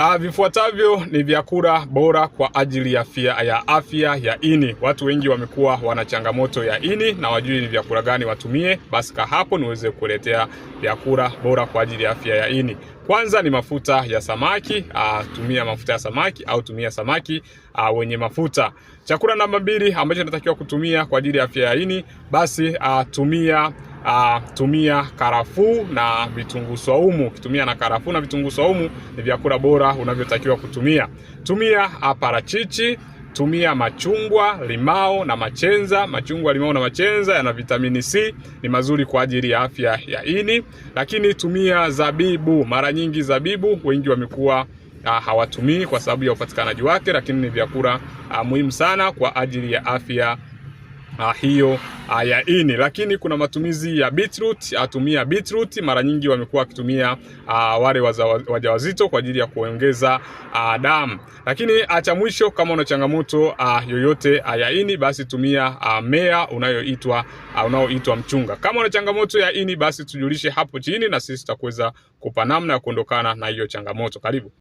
Ah, vifuatavyo ni vyakula bora kwa ajili ya afya ya afya ya ini. Watu wengi wamekuwa wana changamoto ya ini na wajui ni vyakula gani watumie, basi ka hapo niweze kuletea vyakula bora kwa ajili ya afya ya ini. Kwanza ni mafuta ya samaki. Aa, ah, tumia mafuta ya samaki au tumia samaki aa, ah, wenye mafuta. Chakula namba mbili ambacho natakiwa kutumia kwa ajili ya afya ya ini, basi aa, ah, tumia uh, tumia karafuu na vitunguu saumu. Ukitumia na karafuu na vitunguu saumu ni vyakula bora unavyotakiwa kutumia. Tumia ah, parachichi, tumia machungwa, limao na machenza. Machungwa, limao na machenza yana vitamini C, ni mazuri kwa ajili ya afya ya ini. Lakini tumia zabibu. Mara nyingi zabibu wengi wamekuwa Uh, hawatumii kwa sababu ya upatikanaji wake, lakini ni vyakula muhimu sana kwa ajili ya afya uh, hiyo uh, ya ini. Lakini kuna matumizi ya beetroot, atumia ah, beetroot. Mara nyingi wamekuwa wakitumia uh, wale wajawazito kwa ajili ya kuongeza uh, damu. Lakini cha mwisho, kama una changamoto uh, yoyote uh, ya ini, basi tumia uh, mea unayoitwa uh, unaoitwa mchunga. Kama una changamoto ya ini, basi tujulishe hapo chini, na sisi tutakuweza kupa namna ya kuondokana na hiyo changamoto. Karibu.